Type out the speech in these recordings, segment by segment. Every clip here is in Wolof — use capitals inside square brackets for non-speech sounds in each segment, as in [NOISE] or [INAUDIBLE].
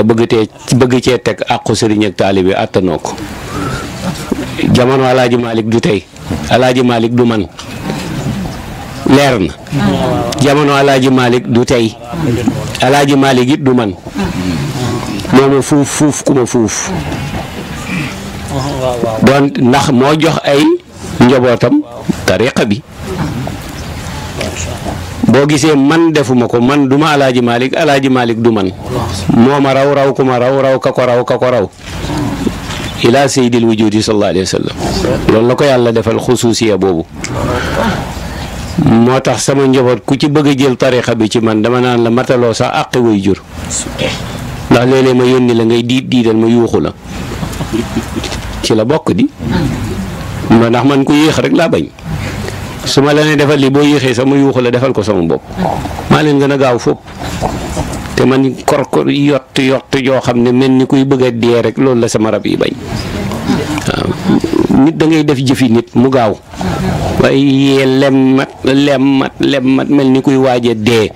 nga bëgg tee bëgg cee teg àqu sëriñ ak àttanoo ko jamono alaaji Malick du tey alaaji Malick du man leer na jamono alaaji Malick du tey alaaji Malick it du man mooma fuuf fuuf ku ma fuuf doon ndax moo jox ay njabootam tariqa bi boo gisee man defuma ko man du ma alaaji Malick alaaji Malick du man moo ma raw raw ku ma raw raw ka ko raw ka ko raw ilaa seydil wujudi sallallahu alayhi wa sallam loolu la ko yàlla defal xusuusiya boobu moo tax sama njaboot ku ci bëgg a jël tarixa bi ci man dama naan la mataloo sax àqi way jur ndax léeg ma yónni la ngay diit diital ma yuuxu la ci la bokk di ma ndax man ku yéex rek laa bañ su ma la nee defal lii boo yéexee sama yuuxu la defal ko sama bopp maa leen gën a gaaw fopp te man kor ko yott yott yoo xam ne mel ni kuy bëgg a dee rek loolu la sama rab yi bañ waaw nit da def jëfi nit mu gaaw waaye yee lemmat lemmat mel ni kuy waaj a dee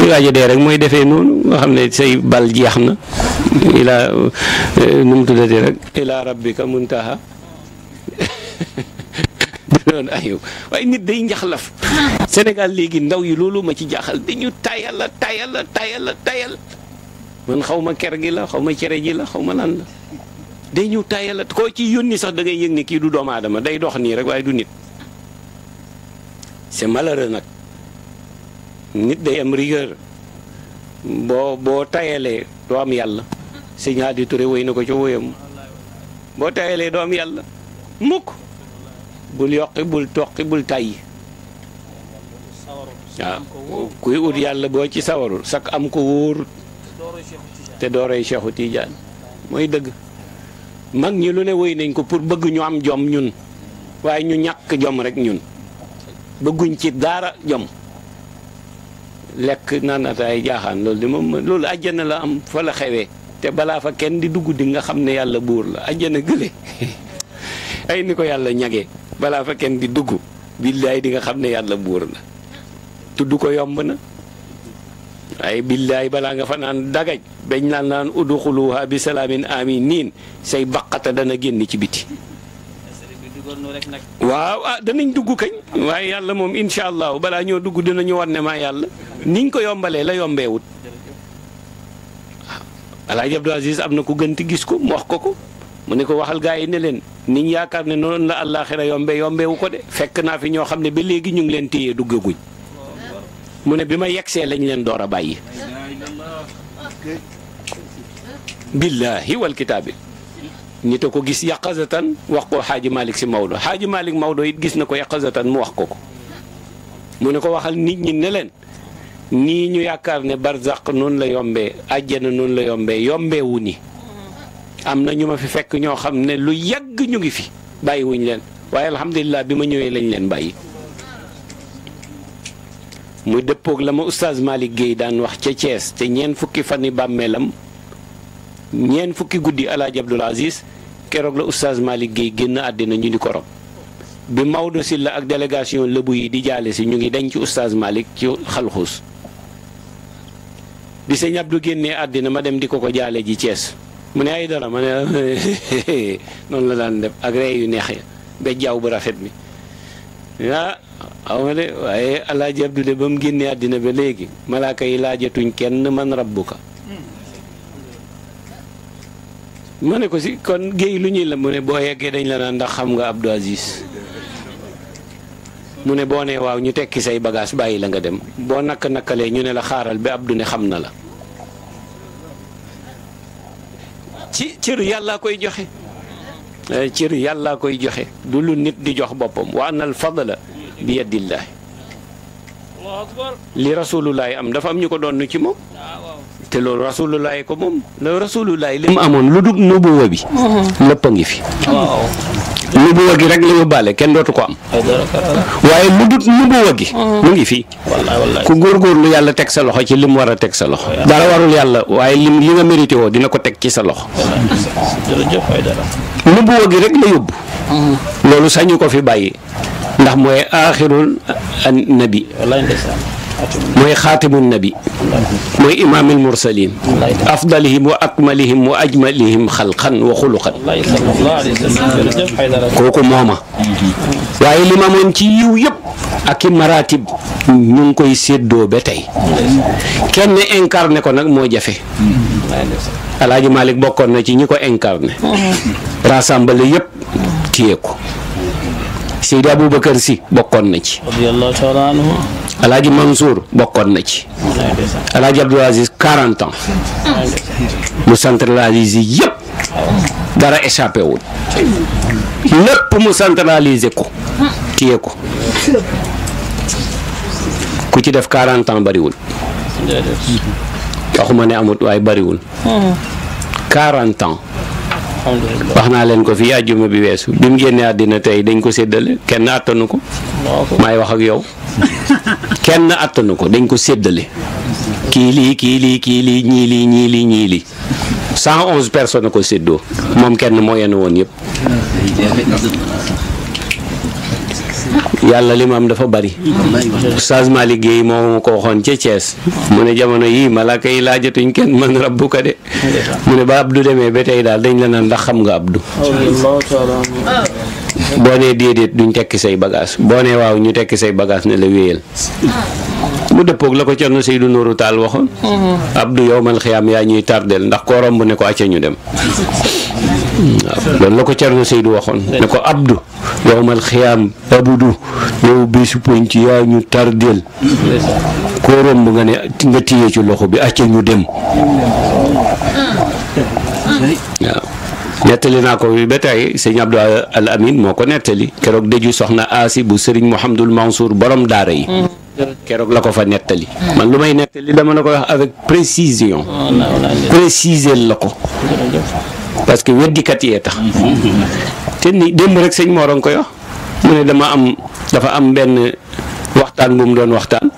kuy waaj dee rek mooy defee noonu nga xam ne say bal jeex na ilaa eh, nu mu tuddati rek ilaa rabbika muntaha doon ayoo waaye nit day njaxlaf Sénégal léegi ndaw yi loolu ma ci jaaxal dañu tayal la tayal la tayal la man xaw ma ker gi la xaw ma cere ji la xaw ma lan la dañu tayal la koo ci yónni sax dangay ngay yëg ni kii du doomu aadama day dox nii rek waaye du nit c'est malheureux nag nit day am rigueur boo boo tayalee doo am yàlla Sëñ Hadi Touré woy na ko ca woyam boo tayalee doo am yàlla mukk bul yoqi bul toqi bul tàyyi waaw kuy ut yàlla boo ci sawarul sak am ko wóorut te dooroy Cheikhu Tidiane mooy dëgg mag ñi lu ne woy nañ ko pour bëgg ñu am jom ñun waaye ñu ñàkk jom rek ñun bëgguñ ci daara jom lekk naan ataay jaaxaan loolu di moom la am fa la xewee te balaa fa kenn di dugg di nga xam ne yàlla buur la àjjana gële [LAUGHS] ay ni ko yàlla ñagee balaa fa kenn di dugg billaay di nga xam ne yàlla buur la tudd ko yomb na waaye billaay balaa nga fa naan dagaj bañ naan naan uduxuluha bi salaamin say baqata dana génn ci biti waaw ah danañ dugg kañ waaye yàlla moom incha allahu balaa ñoo dugg dinañu wan ne maa yàlla niñ ko yombalee la yombeewut waaw Alaaji Abdou Aziz am na ku gënt gis ko mu wax ko ko mu ne ko waxal gaa yi ne leen niñ yaakaar ne noonu la àllaaxira yombe yombe ko de fekk naa fi ñoo xam ne ba léegi ñu ngi leen téye duggaguñ mu ne bi ma yegsee lañ leen door a bàyyi billaahi wal kitaabi nit a ko gis yaqazatan wax ko xaaji malik si Maodo xaaji malik Maodo it gis na ko yaqazatan mu wax ko ko mu ne ko waxal nit ñi ne leen nii ñu yaakaar ne barzaq noonu la yombee àjjana noonu la yombee yombeewu ni am na ñu ma fi fekk ñoo xam ne lu yàgg ñu ngi fi bàyyi leen waaye alhamdulilah bi ma ñëwee lañ leen bàyyi mu dëppook la ma oustaz Malick Guèye daan wax ca cees te ñeen fukki fan bàmmeelam ñeen fukki guddi alaaji Abdul Aziz keroog la oustaz Malick Guèye génn àddina ñu di ko rob bi Maodo Sylla ak délégation lëbu yi di jaale si ñu ngi deñ denc oustaz Malick ci xalxuus bi sëñ Abdou génnee àddina ma dem di ko ko jaale ji cees mu ne ay dara ma [LAUGHS] noonu la daan def ak ree yu neex ya ba jaww bu rafet bi ah xaw ma de waaye alaaji Abdu de ba mu génnee àddina bi léegi malaaka yi laajatuñ kenn man rabbuka ma ne ko si kon géey lu ñuy la mu ne boo yeggee dañ la naan ndax xam nga Abdou Aziz mu ne boo ne waaw ñu tekki say bagage bàyyi la nga dem boo nakk nakkalee ñu ne la xaaral bi Abdou ne xam na la ci cër yàllaa koy joxe eh, cër yàllaa koy joxe du lu nit di jox boppam wa anna al fadla bi yadillaahi li rasulullaay am dafa am ñu ko doon ci moom te loolu rasulullaay ko moom la rasulullaay li mu amoon lu dug nubuwa bi lépp a ngi fi nubuwa gi rek la yóbbaale kenn dootu ko am. waaye lu dut nubuwa gi. mu ngi fii. ku góorgóorlu yàlla teg sa loxo ci lim war a teg sa loxo. dara warul yàlla waaye lim li nga mérité woo dina ko teg ci sa loxo. nubuwa gi rek la yóbbu. Mm-hmm. loolu sañu ko fi bàyyi ndax mooy aaxirul nabi. mooy xaatimun nabi mooy imaamil mursalin afdalihim wa akmalihim wa ajmalihim xalqan wa xuluqan kooku mooma waaye li ci yiw yëpp ak i maratib ñu ngi koy séddoo ba tey kenn incarné ko nag moo jafe alaaji Malick bokkoon na ci ñi ko incarné rassemble yëpp téye ko Seydi Aboubacar si bokkoon na ci. radiyallahu taala anhu. Alaaji Mansour bokkoon na ci. Alaaji Abdou Aziz 40 ans. mu centraliser yëpp. dara échappé wul. lépp mu centraliser ko. téye ko. ku ci def 40 ans bariwul. waxuma ne amut waaye bariwul. 40 hmm. ans. wax naa leen ko fii àjjuma bi weesu bi mu génnee àddina tey dañ ko séddale kenn àttanu ko maay wax ak yow kenn àttanu ko dañ ko séddale kii lii kii lii kii lii ñii lii ñii lii ñii lii cent onze personnes ko séddoo moom kenn moo yenn woon yëpp yàlla li am dafa bari changement liggéey Guèye moo ko waxoon ca Thiès mu ne jamono yii malaaka yi laajatuñ kenn man rabbuka de mu ne ba Abdou demee ba tey daal dañ la naan ndax xam nga Abdou boo nee déedéet duñ tekki say bagage boo ne waaw ñu tekki say bagage ne la wéyal mu dëppoog la ko Cerno Seydou Nourou Tall waxoon mm-hmm. Abdou yowmal xiyaam yaa ñuy tardel ndax koo romb ne ko acca ñu dem waaw mm-hmm. loolu la ko Cerno Seydou waxoon ne ko Abdou yowmal xiyaam abudu yow bésu ci yaa ñu tardel koo romb nga ne nga téye ci loxo bi acca ñu dem mm-hmm. waaw nettali naa ko bi ba tey sëñ Abdou Al moo ko nettali keroog dëju soxna Asi bu Serigne Mouhamadul Mansour borom daara yi. keroog la ko fa nettali. man lu may nettali dama la koy wax avec précision. préciser la ko. parce que weddikat yee tax. te ni démb rek sëñ Mor ko ngi mu ne dama am dafa am benn waxtaan bu mu doon waxtaan.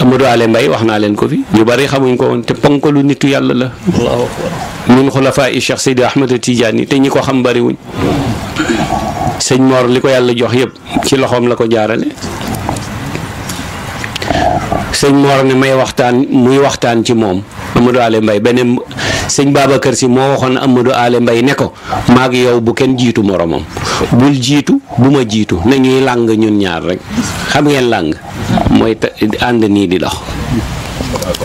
Amadou Ale Mbaye wax naa leen ko fi ñu bari xamuñ ko woon te ponkalu nitu yàlla la. ñun xulafaa i Cheikh a tiijaan yi te ñi ko xam bariwuñ. sëñ Mor li ko yàlla jox yëpp ci loxoom la ko jaarale. sëñ Mor ne may waxtaan muy waxtaan ci moom Amadou Ale Mbaye beneen sëñ kër si moo waxoon am Amadou Ale mbay ne ko maag yow bu kenn jiitu moromam bul jiitu bu ma jiitu nañuy làng ñun ñaar rek xam ngeen làng mooy ànd nii di dox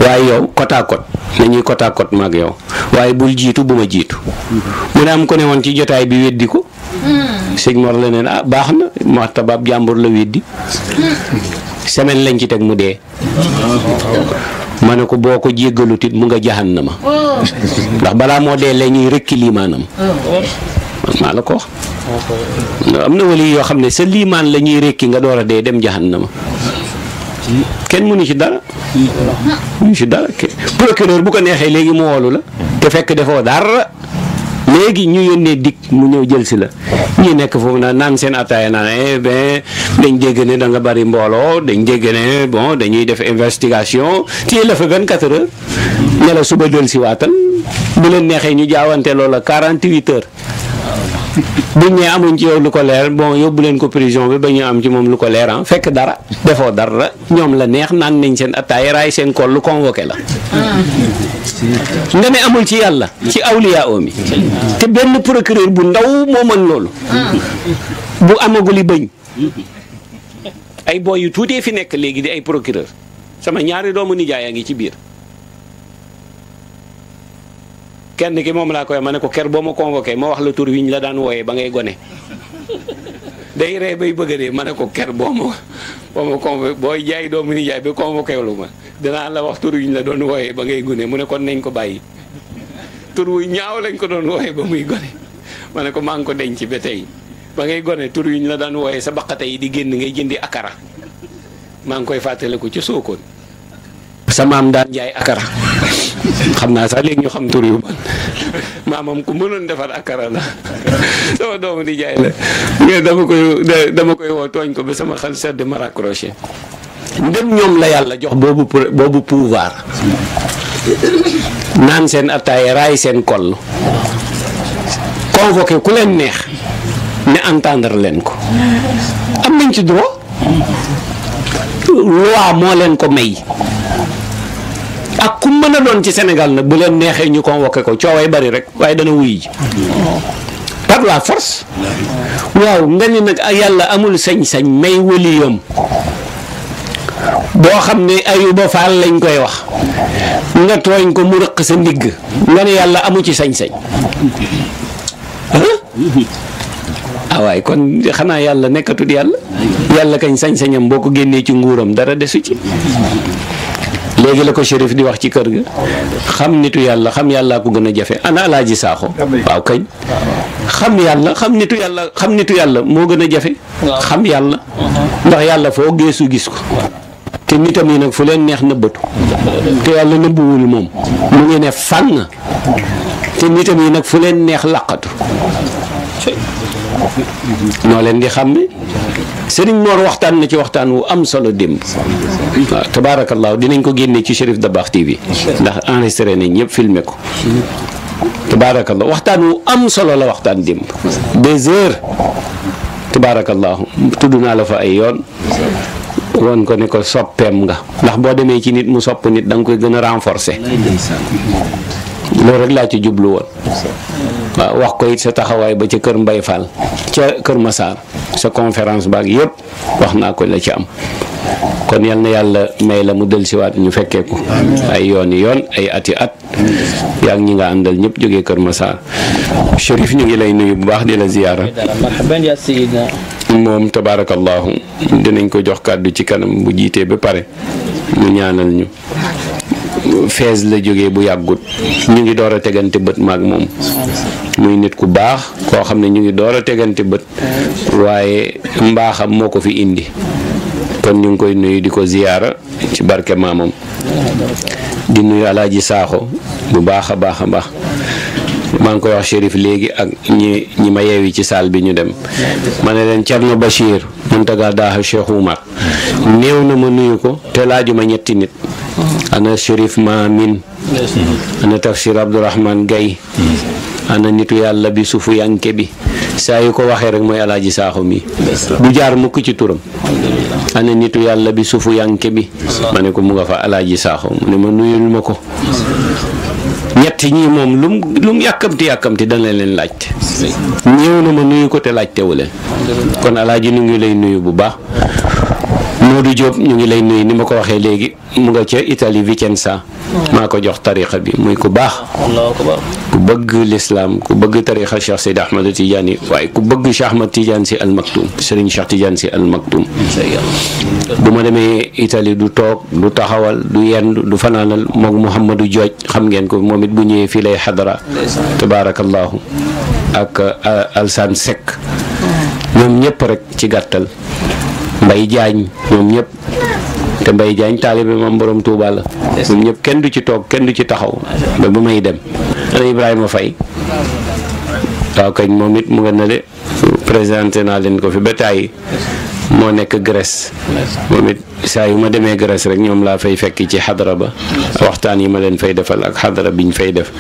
waaye yow côte à côte nañuy côte maag yow waaye bul jiitu bu ma jiitu mu ne am ko ne woon ci jotaay bi weddi ko hmm. sëñ Mor la ne ah baax na martabaab jàmbur la weddi hmm. semaine lañ ci teg mu dee ma ne ko boo ko jéggalu tit mu nga jahannama ndax balaa moo dee la ñuy rëkki liimaanam maa la ko wax am na wali yoo xam ne sa liimaan la ñuy rëkki nga door a dee dem jahannama kenn mënu ci dara mënu ci dara procureur bu ko neexee léegi mu woolu la te fekk defoo dara léegi ñu yónnee dikk mu ñëw jël si la ñi nekk foofu na naan seen ataaya naan eh ben dañ dégg ne da nga bari mbooloo dañ dégg ne bon dañuy def investigation téye la fa 24 heures ne la suba jël si waatal bu leen neexee ñu jaawante loola 48 heures. buñ ne amuñ ci yow lu ko leer bon yóbbu leen ko prison bi ba ñu am ci moom lu ko leer ah fekk dara defoo dara la ñoom la neex naan nañ seen attaay raay seen kool lu convoqué la. nga ne amul ci yàlla ci awliya omi te benn procureur bu ndaw moo mën loolu. bu amagul amaguli bëñ. ay boy yu tuutee fi nekk léegi di ay procureur sama ñaari doomu nijaay a ngi ci biir. kenn ki moom laa koy ma ne ko ker boo ma convoqué ma wax la tur wi ñu la daan wooyee ba ngay gone day ree bay bëgg a dee ma ne ko ker boo ma boo ma convoqué booy jaay doomu ni jaay ba ma dinaa la wax tur wi ñu la doon wooyee ba ngay gone mu ne nañ ko bàyyi tur wu ñaaw lañ ko doon wooyee ba muy gone ma ne ko maa ngi ko denc ba tey ba ngay gone tur wi ñu la daan wooye sa baqate yi di génn ngay jëndi akara maa ngi koy fàttale fàttaliku ci Sokone sa maam daan jaay akara xam naa sax léegi ñu xam tur yu bon maamam ku mënoon defar akara la sama doomu di jaay la mais dama koy dama koy woo tooñ ko ba sama xel sedd ma raccroché ndem ñoom la yàlla jox boobu boobu pouvoir naan seen attaaya raay seen kol convoqué ku leen neex ne entendre leen ko am nañ ci droit loi moo leen ko may ak ku mën a doon ci senegal nag bu leen neexee ñu ko convoqué ko cooway bari rek waaye dana wuy ji par la force waaw nga ni nag yàlla amul sañ-sañ may waliyam boo xam ne Ayuba Faal lañ koy wax nga tooñ ko mu rëq sa ndigg nga ne yàlla amu ci sañ-sañ ah waaye kon xanaa yàlla nekkatul yàlla yàlla kañ sañ-sañam boo ko génnee ci nguuram dara desu ci léegi la ko shérif di wax ci kër ga xam nitu yàlla xam yàllaa ko gën a jafe ana alaaji saaxo waaw kañ xam yàlla xam nitu yàlla xam nitu yàlla moo gën a jafe xam yàlla uh-huh. ndax yàlla foo geesu gis ko te nitam yi nag fu leen neex nëbbatu te yàlla nëbbuwul moom mu ngi ne fànn te nitam yi nag fu leen neex làqatu ñoo leen di xam ne Serigne waxtaan na ci waxtaan wu am solo démb waaw tabaarakallaahu dinañ ko génne ci Chérif Dabakh TV ndax enregistré nañ ñëpp filmé ko tabaarakallaahu waxtaan wu am solo la waxtaan démb deux heures tabaarakallaahu tudd la fa ay yoon woon ko ne ko soppeem nga ndax boo demee ci nit mu sopp nit danga koy gën a renforcer loolu rek laa ci jublu woon wax koy sa taxawaay ba ca kër Mbay Fall ca kër Massar sa conférence baag yëpp wax naa ko la ci am kon yal na yàlla may la mu dellusiwaat ñu fekkee ko ay yoon yoon ay ati at yaa ñi nga àndal ñëpp jóge Kër Massar Chérif ñu ngi lay nuyu bu baax di la ziyaara moom tabaarakallaahu dinañ ko jox kàddu ci kanam bu jiitee ba pare mu ñaanal ñu fees la jóge bu yàggut ñu ngi door a tegante bët maag moom muy nit ku baax koo xam ne ñu ngi door a tegante bët waaye mbaaxam moo ko fi indi kon ñu ngi koy nuyu di ko ziyaara ci barke maamam di nuyu alaaji saaxo bu baax a baax a baax maa ngi koy wax shérif léegi ak ñi ñi ma yeewi ci saal bi ñu dem ma ne leen Thierno Bachir Mountaga Daha Cheikh Oumar néew na ma nuyu ko te ma ñetti nit ana shérif Maamin ana tafsir Abdourahman Gaye ana nitu yàlla bi suufu yanke bi saa yu ko waxee rek mooy alaaji saaxo mi du jaar mukk ci turam ana nitu yàlla bi suufu yanke bi ma ne ko mu nga fa alaaji saaxo mu ne ma nuyul ma ko ñett ñii moom lum lum yàkkamti yàkkamti dana leen laaj ñëw na ma nuyu ko te laajtewu leen kon alaaji nu ngi lay nuyu bu baax Modou Diop ñu ngi lay nuyu ni ma ko waxee léegi mu nga ca Italie Vicenza maa ko jox tarixa bi muy ku baax ku bëgg lislaam ku bëgg tarixa Cheikh Seyd Ahmadu Tidiane yi waaye ku bëgg Cheikh Ahmad Tidiane si almaktum Serigne Cheikh Tidiane si almaktum bu ma demee itali du toog du taxawal du yendu du fanaanal moog du Jooj xam ngeen ko moom it bu ñëwee fii lay xadara tabaarakallaahu ak euh, Alsaan Sekk ñoom ñëpp rek ci gàttal Mbaye Diagne ñoom ñëpp te Mbaye Diagne taalibe moom borom Touba la ñoom ñëpp kenn du ci toog kenn du ci taxaw ba bu may dem ana Ibrahima Faye waaw kañ moom it mu nga ne de présenté naa leen ko fi ba tàyyi moo nekk Grèce moom it saa yu ma demee Grèce rek ñoom laa fay fekk ci xadara ba waxtaan yi ma leen fay defal ak xadara biñ fay def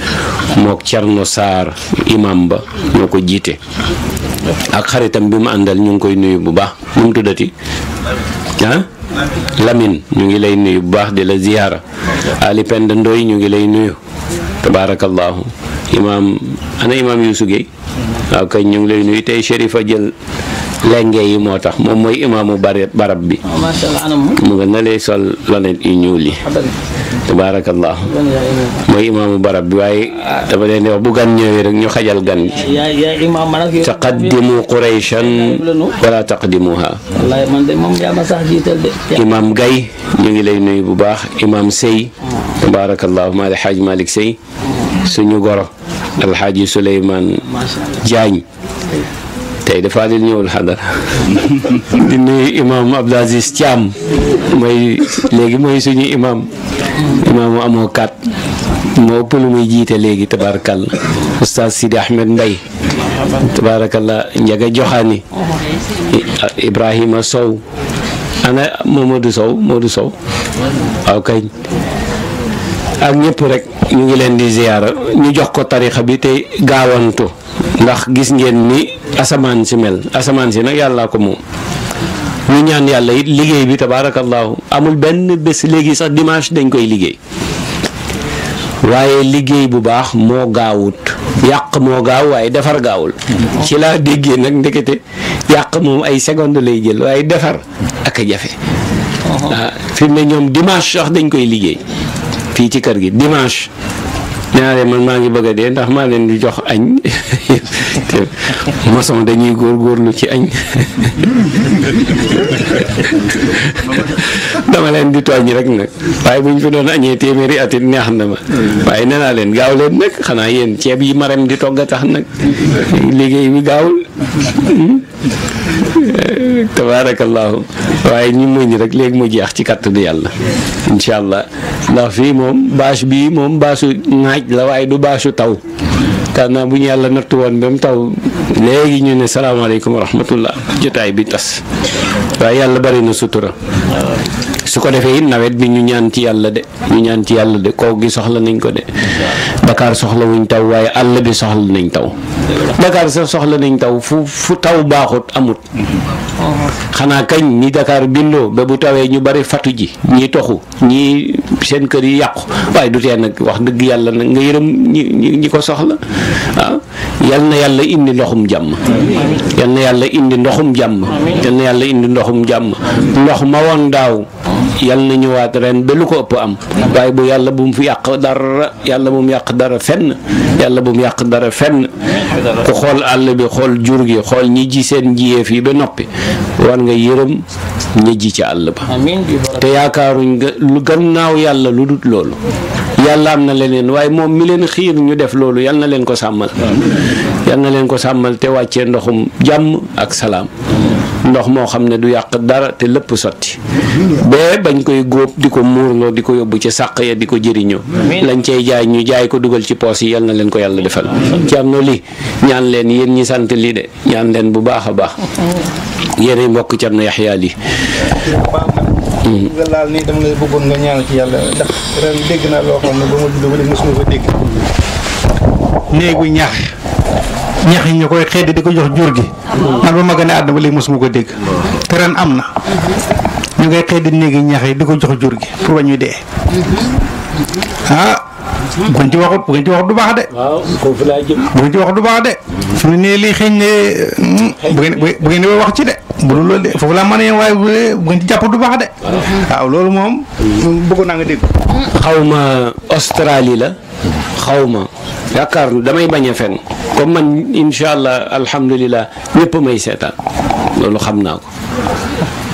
mook Cerno Saar imam ba ñoo ko jiite ak xaritam bi mu àndal ñu ngi koy nuyu bu baax nu mu tuddati ñu ngi lay nuyu bu baax di la ziyaara Ali Penda Ndoy ñu ngi lay nuyu tabaarakallaahu imaam ana imaam Yuusu Géey waaw kay ñu ngi lay nuyu tey Sherifa jël lenge yi moo tax moom mooy imaamu bari oh, mu nga na lay sol yu ñuul yi tabaarakallah mooy imaamu barab bi waaye dafa leen di bu gan ñëwee rek ñu xajal gan gi taqaddimu qurayshan wala taqdimuha imaam gay ñu ngi lay nuyu bu baax imaam sëy oh. tabaarakallah maali xaaj malik sëy oh. suñu goro alxaaji suleymaan jaañ tey dafa Fadil ñëwul xadara [LAUGHS] di imaam Abdou Aziz Thiam mooy léegi mooy suñu imaam imaamu amoo kat moo ëpp lu muy jiite léegi tabaarakalla oustaz Sidi Ahmed Mbaye tabaarakalla Njaga Joxaani Ibrahima Sow ana Mamadou Sow Modou Sow waaw kay ak ñëpp rek ñu ngi leen di ziyaara ñu jox ko tarixa bi te gaawantu ndax gis ngeen ni asamaan si mel asamaan si nag yàllaa ko moom ñu ñaan yàlla it liggéey bi tabaarakallaahu amul benn bés léegi sax dimanche dañ koy liggéey waaye liggéey bu baax moo gaawut yàq moo gaaw waaye defar gaawul ci laa déggee nag ndekete yàq moom ay seconde lay jël waaye defar ak jafe ah, fi mu ne ñoom dimanche sax dañ koy liggéey fii ci kër gi dimanche naa leen man maa ngi bëgg a dee ndax maa leen di jox añ te [LAUGHS] maçon góor góorgóorlu ci añ [LAUGHS] dama leen di tooñ rek nag waaye bu ñu fi doon añee téeméeri at neex na ma waaye nee naa leen gaaw leen nag xanaa yéen ceeb yi ma marem di togg a tax nag liggéey bi gaawul hmm? [LAUGHS] tabaarakallaahu waaye ñu muñ rek léegi mu jeex ci kàttanu yàlla incha allah ndax fii moom bâche bii moom bâchu naaj la waaye du bâchu taw kana bu ñu yàlla natt woon ba mu taw léegi ñu ne salaamaaleykum wa rahmatullah jotaay bi tas waaye yàlla bari na sutura su ko defee it nawet bi ñu ñaan ci yàlla de ñu ñaan ci yàlla de kaw gi soxla nañ ko de Dakar soxla wuñ taw waaye àll bi soxla nañ taw Dakar sax soxla nañ taw fu fu taw baaxut amut xanaa kañ ni Dakar bindoo ba bu tawee ñu bari fatu ji ñii toxu ñi seen kër yi yàqu waaye du tee nag wax dëgg yàlla nag nga yërëm ñi ko soxla waaw ah, yal na yàlla indi ndoxum jàmm yàlla indi ndoxum jàmm yal yàlla indi ndoxum jàmm ndox ma woon daaw yal na ñëwaat ren ba lu ko ëpp am waaye bu yàlla bu mu yàq dara yàlla bu mu yàq dara fenn bu mu yàq dara ku xool àll bi xool jur gi xool ñi ji seen jiyeef yi ba noppi war nga yërëm ña ji ci àll ba te yaakaaruñ nga lu gannaaw yàlla lu dut loolu yàlla am na leneen waaye moom mi leen xiir ñu def loolu yal na leen ko sàmmal yal na leen ko sàmmal te wàccee ndoxum jàmm ak salaam ndox moo xam ne du yàq dara te lépp sotti bee bañ koy góob di ko muurloo di ko yóbbu ci sàq ya di ko jëriñoo lañ cey jaay ñu jaay ko dugal ci poos yi yal na leen ko yàlla defal ci am na lii ñaan leen yéen ñi sant lii de ñaan leen bu baax a baax yéenay mbokk Cerno Yaxya lii nga laal nii dama lay bëggoon nga ñaanal ci yàlla ndax ren dégg naa loo xam néegu ñax ñax ñu koy xedd di ko jox jur gi man ba ma gën a àdduna ba léegi mosuma ko dégg te ren am na ñu ngay xëy di néegi ñax yi di ko jox jur gi pour ba ñuy dee ah bu ngeen ci waxut bu ngeen ci waxut du baax de. waaw foofu laa jëm. bu ci waxut du baax de. fi mu ne lii xëy hmm, wax ci de. bu foofu laa mën a yem waaye bu ngeen ci jàpp du baax de. waaw loolu moom. bëgg naa nga dégg. xaw ma Australie la. xaw ma yaakaar damay bañ a fen comme man incha allah alhamdulilah ñëpp may seetaan loolu xam naa ko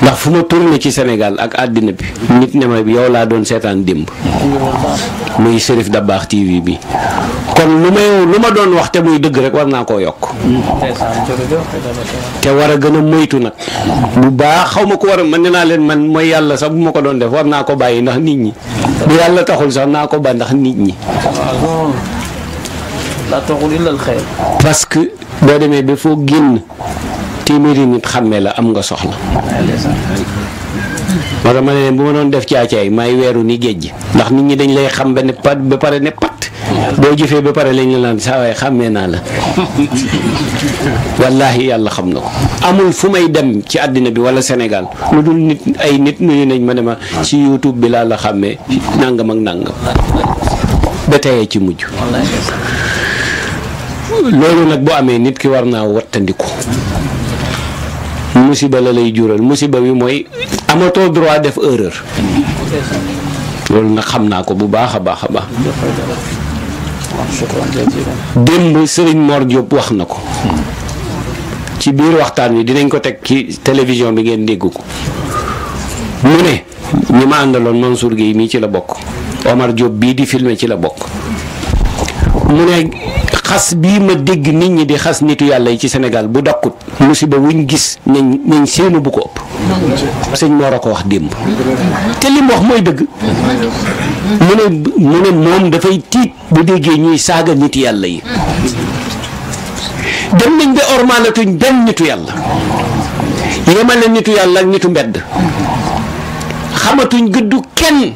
ndax fu ma tourné ci Sénégal ak àddina bi nit ne ma yow laa doon seetaan démb muy Chérif baax TV bi kon lu ma lu ma doon wax te muy dëgg rek war naa koo yokk te war a gën a moytu nag bu baax xaw ma ko war a man ne naa leen man mooy yàlla sax bu ma ko doon def war naa ko bàyyi ndax nit ñi bu yàlla taxul sax naa ko ba ndax nit ñi parce que boo demee ba foo génn téeméeri nit xàmmee la am nga soxla moo tax ma ne bu ma doon def caacaay may weeru ni géej gi ndax nit ñi dañ lay xam ba ne pat ba pare ne pat boo jëfee ba pare lañ la naan saa waay xàmmee naa la [LAUGHS] wallaahi yàlla xam na ko amul fu may dem ci àddina bi wala senegal lu dul nit ay nit nuyu nañ ma ne ma ci YouTube bi laa la xàmmee nàngam ak nàngam ba tey ci mujj loolu nag bu amee nit ki war naa wattandiku musiba la lay jural musiba bi mooy amatoo droit def erreur loolu nag xam naa ko bu baax a baax a baax démb sëriñ moor Diop wax na ko ci biir waxtaan wi dinañ ko teg ci télévision bi ngeen dégg ko mu ne ñi ma àndaloon Mansour Guèye mii ci la bokk Omar Diop bii di filmer ci la bokk mu ne xas bii ma dégg nit ñi di xas nitu yàlla yi ci senegal bu dakkut musiba wuñ gis nañ nañ séenu bu ko ëpp sëñ ko wax démb te mooy dëgg mu ne moom dafay tiit bu déggee ñuy saaga nit yàlla yi dem nañ ba ormaalatuñ benn nitu yàlla yemale nitu yàlla ak nitu mbedd xamatuñ gëddu kenn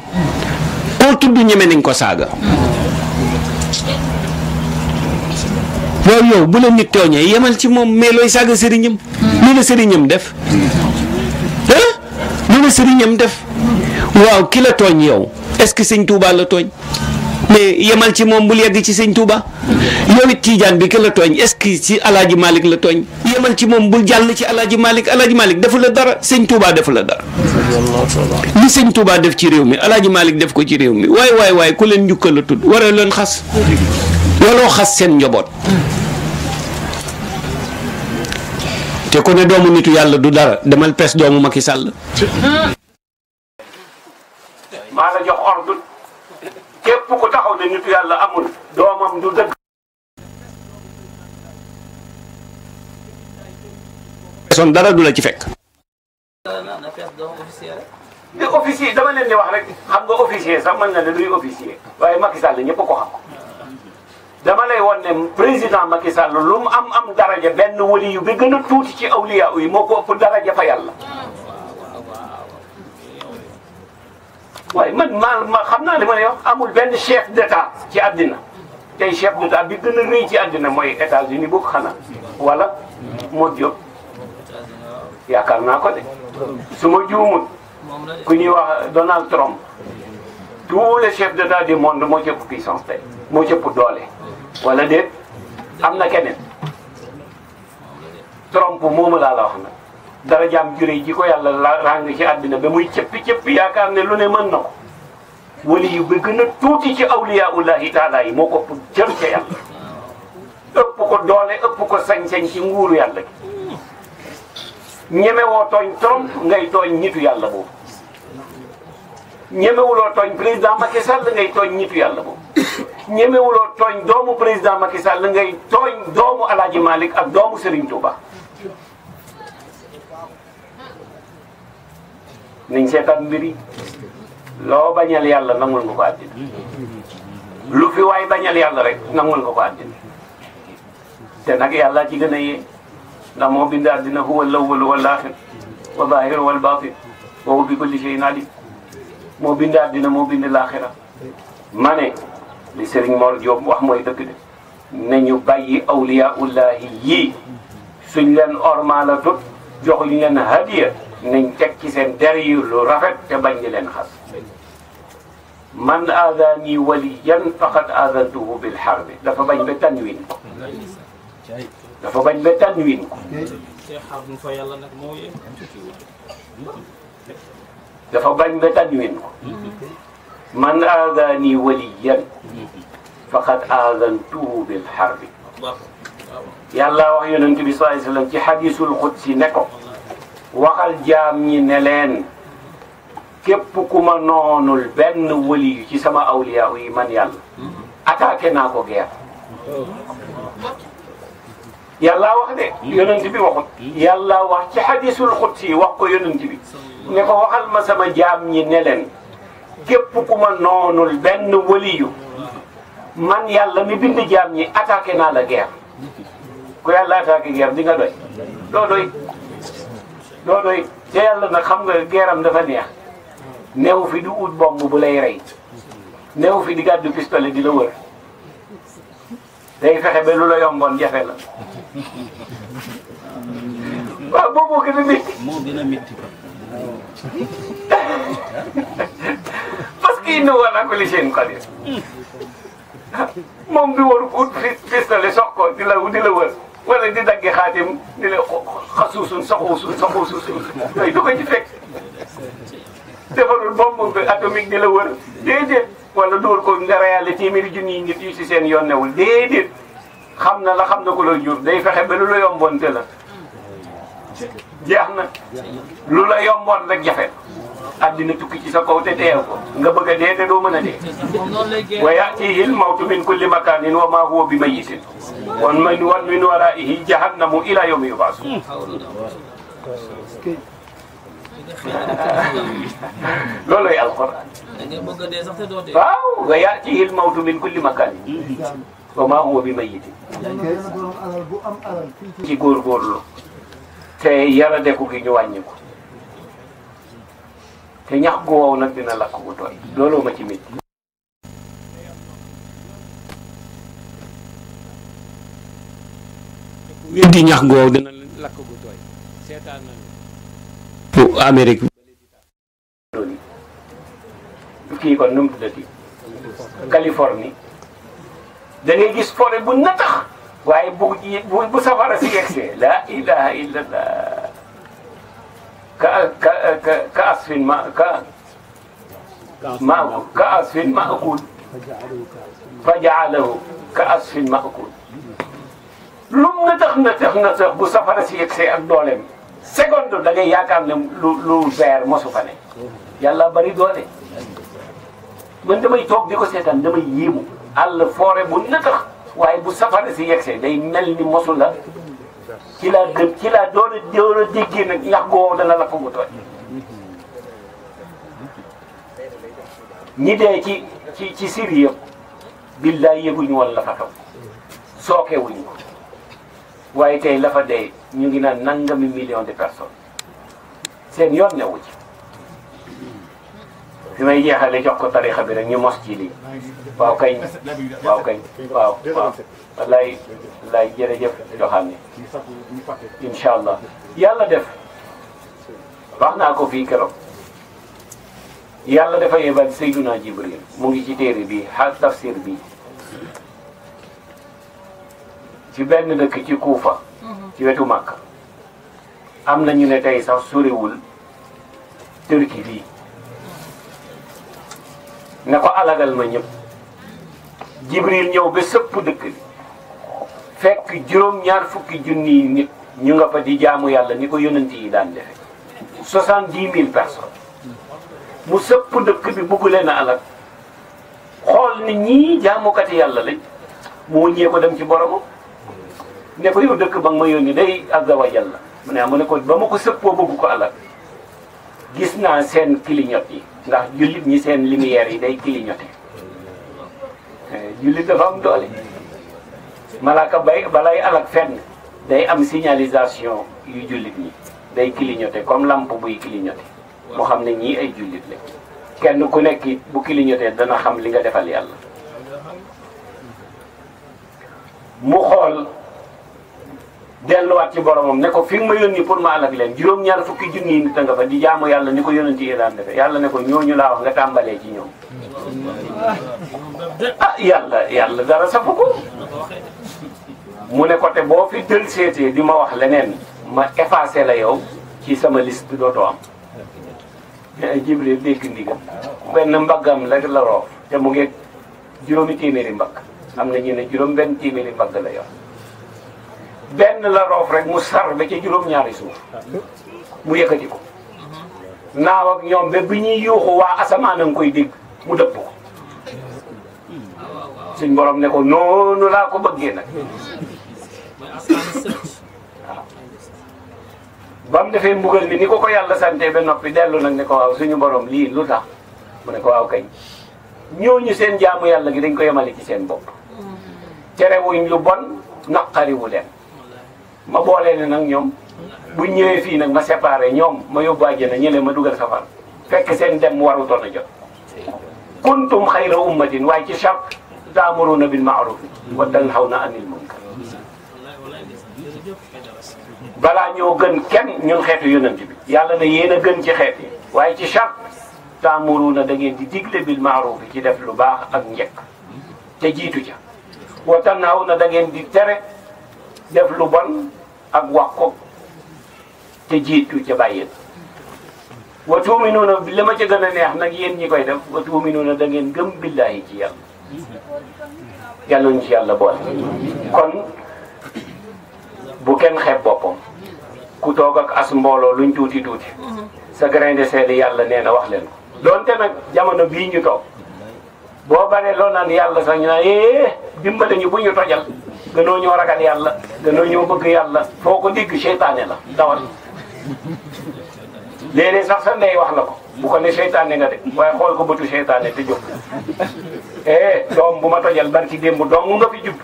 koo tudd ñeme nañ ko saaga waaw yow bu la nit tooñee yemal ci moom mais looy saaga sëriñam. lu la sëriñam def. ah lu la sëriñam def waaw ki la tooñ yow est-ce que sëñ la tooñ mais yemal ci moom bul yegg ci sëñ Touba yow it bi ki tooñ est-ce que ci la tooñ yemal ci moom bul jàll ci Alaaji Malik Alaaji Malik defu la dara sëñ Touba defu la dara. li sëñ Touba def ci réew mi Alaaji Malik def ko ci réew mi waaye waaye waay ku leen njukkal la tudd waree leen xas. waloo xas seen njaboot. te ku ne doomu nitu yàlla du dara demal pes doomu Macky Sall. maa la jox ordre képp taxaw ne nitu yàlla amul doomam du dëgg. son dara du la ci fekk. di officier dama leen di wax rek xam nga officier sax mën na ne luy officier waaye Macky Sall ñëpp ko xam. dama lay won ne président Macky Sall lu mu am am daraja benn wali yu bi gën a tuuti ci awliya yi moo ko ëpp daraja fa yàlla waaye man maa ma xam naa li ma lay wax amul benn chef d'état ci àddina tey chef d'état bi gën a rëy ci àddina mooy États-Unis boobu xanaa wala moo jóg yaakaar naa ko de su ma juumul ku ñuy wax Donald Trump tous les chefs d'état du monde moo ci ëpp puissance tey moo ci ëpp doole wala déet am na keneen trompe moomu laa la wax nag dara jaam jure ji ko yàlla ràng ci àddina ba muy cëppi cëppi yaakaar ne lu ne mën na ko wali yu ba gën a tuuti ci awliyaa ullahi taala yi moo ko ëpp jëm ca yàlla ëpp ko doole ëpp ko sañ-sañ ci nguuru yàlla gi woo tooñ trompe ngay tooñ nitu yàlla boobu ñemewuloo tooñ président Macky Sall ngay tooñ nitu yàlla boobu ñemewuloo tooñ doomu président Macky Sall la ngay tooñ doomu El Hadj Malick ak doomu Serigne Touba. nañ seetaat mbir yi loo bañal yàlla nangul nga ko àddina lu fi waay bañal yàlla rek nangul nga ko àddina te nag yàlla ci gën a yee ndax moo bind àddina huwa al-awwal wal aaxir wa zaahir wal baatin wa huwa bi kulli shay'in alim moo bind àddina moo bind laaxira ma ne li Serigne Mor Diop wax mooy dëgg de nañu bàyyi awliyaullahi yii suñ leen ormaalatut joxuñ a hadiya nañ teg ci seen der yi lu rafet te bañ di leen xas man aadaani waliyan faqad aadantuhu bil harbi dafa bañ ba tanwin ko dafa bañ ba tanwin ko dafa bañ ba tanwin man aadaani waliyan faqad aadantuhu bil harbi yàlla wax yonent bi sallallahu alayhi wasallam ci hadisul qudsi ne ko waxal jaam ñi ne leen képp ku ma noonul benn waliyu ci sama awliya yi man yàlla attaqué naa ko guerre yàlla wax de yonent bi waxut yàlla wax ci hadisul qudsi wax ko yonent bi ne ko waxal ma sama jaam ñi ne leen képp ku ma noonul benn waliyu man yàlla mi bind jaam ñi attaqué naa la guerre ku yàlla attaqué guerre di doy doo doy doo doy te yàlla nag xam nga guerre dafa neex neew fi di ut bomb bu lay rey neew fi di gàddu pistolet di la wër day fexe ba lu la yomboon jafe la waaw boobu gën a métti parce que innahu ala kulli shay'in qadir moom bi waru ut fistale sox ko di la di la wër wala di daggi xaatim di la xasuusun saxuusun saxuusun ay du ko ci fekk defarul bombe bi atomique di la wër déedéet wala dóor ko nga rayale téeméeri junni nit yu si seen yoon newul déedéet xam na la xam na ko la jur day fexe ba lu la yombonte la jeex na lu la yomboon rek jafe addina tukki ci sa kaw te dee ko nga bëgg a dee mën a dee wa yaatihil mawtu min kulli makanin wa ma huwa bi mayitin kon man wan min waraihi jahannamu ila yawmi yubaasu looloy alquran waaw wa yaatihil mawtu min kulli makanin wa ma huwa bi mayitin ci góorgóorlu te yaradeku gi ñu wàññi te ñax gu wow nag dina lakk bu tooy looloo ma ci métti weddi ñax gu wow dina lakk bu tooy seetaan nañu Amérique du kii kon nu mu Californie da gis forêt bu natax waaye bu bu bu safara si yegsee la ilaha illa allah ka ka ka asfin ma ka ma ka asfin maakul fa jaalahu ka asfin maakul lum na tax na tax na tax bu safara si yegsee ak dooleem seconde da ngay yaakaar ne lu lu vert mosu fa ne yàlla bari doole man damay toog di ko seetaan damay yéemu àll foore bu na tax waaye bu safara si yegsee day mel ni mosu la ci laa gëm ci laa door a door a déggee nag ñax goow dana la fa mu ñi dee ci ci ci siri yëpp billaay yëguñu woon la fa xew sookewuñu ko waaye tey la fa dee ñu ngi naan nangami million de person seen yoon newu ci fi may jeexale jox ko tarixa bi rek ñu mos ci lii waaw kañ waaw kañ waaw waaw wallaay wallaay jërëjëf joxaan ni incha allah yàlla def wax naa ko fii keroog yàlla dafa yebal Seyduna Jibril mu ngi ci téere bi xaal tafsir bi ci benn dëkk ci Kuufa mhm. ci wetu Màkka am na ñu ne tey sax soriwul Turki bii ne ko alagal ma ñëpp jibril ñëw ba sëpp dëkk bi fekk juróom-ñaar fukki junni ñu nga fa di jaamu yàlla ni ko yonent yi daan defe soixante-dix mille personnes mu sëpp dëkk bi bugg leen a alal xool ni ñii jaamukati yàlla lañ mu wëññee ko dem ci boromam ne ko dëkk ba nga ma yónni day azza wa jalla mu ne ah, mu ne ko ba ma ko sëppoo bëgg ko alal gis naa seen kiliñot yi ndax jullit ñi seen lumière yi day kiliñote jullit dafa am doole malaaka bay balay alak fen day am signalisation yu jullit ñi day clignoté comme lamp buy clignoté moo xam ne ñii ay jullit la kenn ku nekk bu clignoté dana xam li nga defal yàlla mu xool delluwaat ci boromam ne ko fi nga ma nii pour ma alak leen juróom-ñaar fukki junni nit a nga fa di jaamu yàlla ni ko yónanti yi daan yàlla ne ko ñooñu laa wax nga tàmbalee ci ñoom. ah yàlla yàlla dara safu ko mu ne ko te boo fi dël seetee di ma wax leneen ma effacé la yow ci sama liste dootoo am. Jibril dégg ndigal benn mbaggam la la roof te mu ngi juróomi téeméeri mbagg am na ñu ne juróom benn téeméeri mbagg la yow. benn la roof rek mu sar ba ci juróom-ñaari suuf mu yëkkati ko naaw ñoom bi ñuy yuuxu waa asamaan a ngi koy dégg mu dëpp ko suñ borom ne ko noonu laa ko bëggee nag waaw ba mu defee mbugal mi ni ko ko yàlla sante ba noppi dellu nag ne ko waaw suñu boroom lii lu tax mu ne ko waaw kañ ñu seen jaamu yàlla gi dañ ko yemale ci seen bopp terewuñ lu bon naqariwu leen ma boole ne nag ñoom bu ñëwee fii nag ma séparé ñoom ma yóbbu àjjana ñeneen ma dugal safar fekk seen dem warutoon a jot kuntum xayra ummatin waaye ci charte taamuruna bil maaruf wa tanhawna anil munkar balaa ñoo gën kenn ñun xeetu yonent bi yàlla na yéen a gën ci waaye ci charte taamuruna da ngeen di digle bil maaruf ci def lu baax ak njëkk te jiitu ca wa tanhawna da ngeen di tere def lu bon ak wax ko te jiitu ca bàyyi wa tuuminuuna li ma ca gën a neex nag yéen ñi koy def wa tuuminuuna da ngeen gëm billaahi ci yàlla yàlla ñu ci yàlla boole kon bu kenn xeeb boppam ku toog ak as mbooloo luñ tuuti tuuti sa grain de yàlla nee na wax leen ko doonte nag jamono bii ñu toog boo baree loo naan yàlla sax ñu naan eh dimbale ñu bu ñu tojal gënoo ñoo ragal yàlla gënoo ñoo bëgg yàlla foo ko dégg seytaane la dawal léeg-léeg sax sa ndey wax la ko bu ko ne seytaane nga de waaye xool ko bëtu seytaane te jóg eh doom bu ma tojal barki démb dong nga fi jub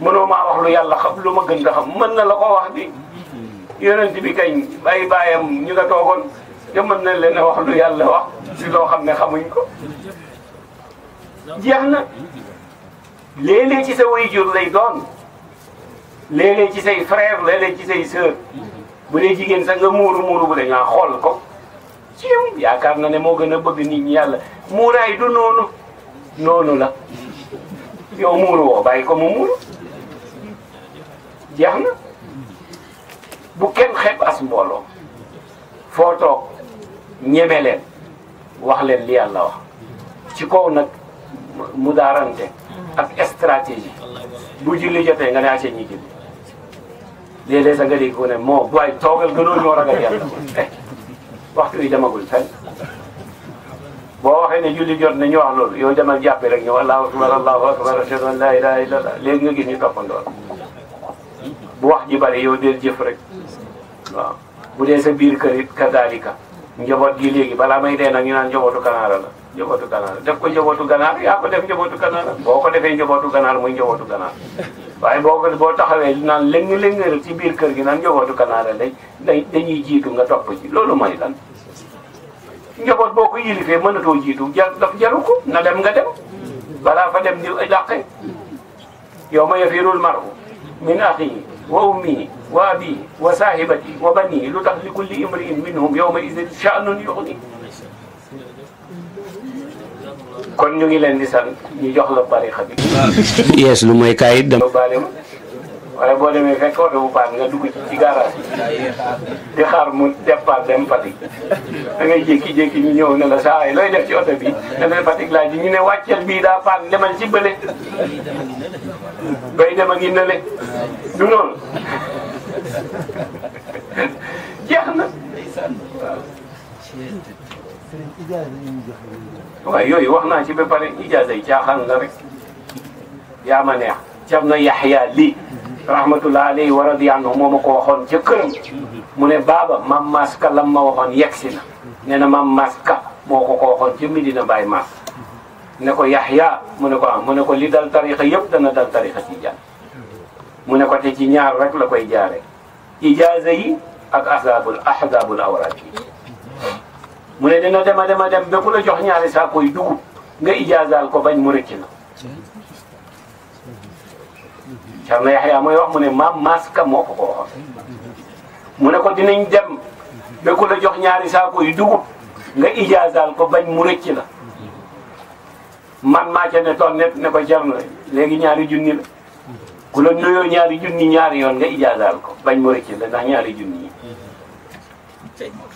mënoo maa wax lu yàlla xam loo ma gën a mën na la ko wax di yonent bi kañ ay baayam ñu nga toogoon te mën na leen wax lu yàlla wax si loo xam ne xamuñ ko jeex na léeg-léeg ci sa waajur lay doon léeg ci say frère léeg-léeg ci say sœur bu dee jigéen sax nga muuru muuru bu dee nga xool ko ciw yaakaar na ne moo gën a bëgg nit ñi yàlla muuraay du noonu noonu la yow muuru woo bàyyi ko mu muuru jeex na bu kenn xeeb mbooloo foo toog ñeme leen wax leen li yàlla wax ci kaw nag mu daarante Mm-hmm. ak stratégie bu julli jotee nga ne acca ñi julli léeg-léeg sax nga dégg ko ne moo waaye toogal gënoo ñoo ragal yàlla eh, waxtu wi demagul fenn boo waxee ne julli jot na ñu wax loolu yow demal jàppi rek ñu allahu akbar allahu akbar ashhadu an la ilaha illallah léegi nga bu wax ji bari yow del jëf bu dee sa biir kër it kadalika njaboot gi léegi balaa may dee nag ñu naan la njabootu ganaar def ko njabootu ganaar yaa ko def njabootu ganaar boo ko defee njabootu ganaar muy njabootu ganaar waaye boo ko boo taxawee naan léng léngéeral ci biir kër gi naan njabootu ganaar la day dañuy jiitu nga topp ci loolu mooy lan njaboot boo ko yilifee mënatoo jiitu jar daf jaru ko na dem nga dem balaa fa dem di dàqe yow ma yafirul maru min axihi wa ummihi wa abihi wa saahibatihi wa banihi lu tax li kulli imriin minhum yow ma isin sha'nun yuxni kon ñu ngi leen di sant ñu jox la tariixa bi. yees lu may kaay dem. wala boo demee fekk oto bu baax nga dugg ci garage di xar mu départ dem jékki-jékki ñu ñëw ne la saa yi looy def ci oto bi da ngay Fatick ji ñu ne wàcceel bii daa paan demal ci bële bay dem ak yi ne le du noonu [LAUGHS] jeex na waaye yooyu wax naa ci ba pare ijaaza yi caaxaan la rek yaa ma neex cam na yaxya lii rahmatullah alayhi wa radiya anhu moo ma ko waxoon ca këram mu ne baaba mam maska lam ma waxoon yegsi na nee na mam maska moo ko ko waxoon ca Medina Baye Mass ne ko yaxya mu ne ko am ah, mu ne ko li dal tarixa yëpp dana dal tarixa tijaan mu ne ko te ci ñaar rek la koy jaare ijaaza yi ak asabul ahzabul awraat yi mu ne dina dem a dem a dem ba jox ñaari saako yi dugub nga ijaazaal ko bañ mu rëcc la. Cerno Yaxya mooy wax mu ne maam Maska moo ko ko waxoon mu ne ko dinañ dem ba ku la jox ñaari saako yi dugub nga ijaazaal ko bañ mu rëcc la man maa ca ne toog ne ko Cerno léegi ñaari junni la. ku la nuyoo ñaari junni ñaari yoon nga ijaazaal ko bañ mu rëcc la ndax ñaari junni yi.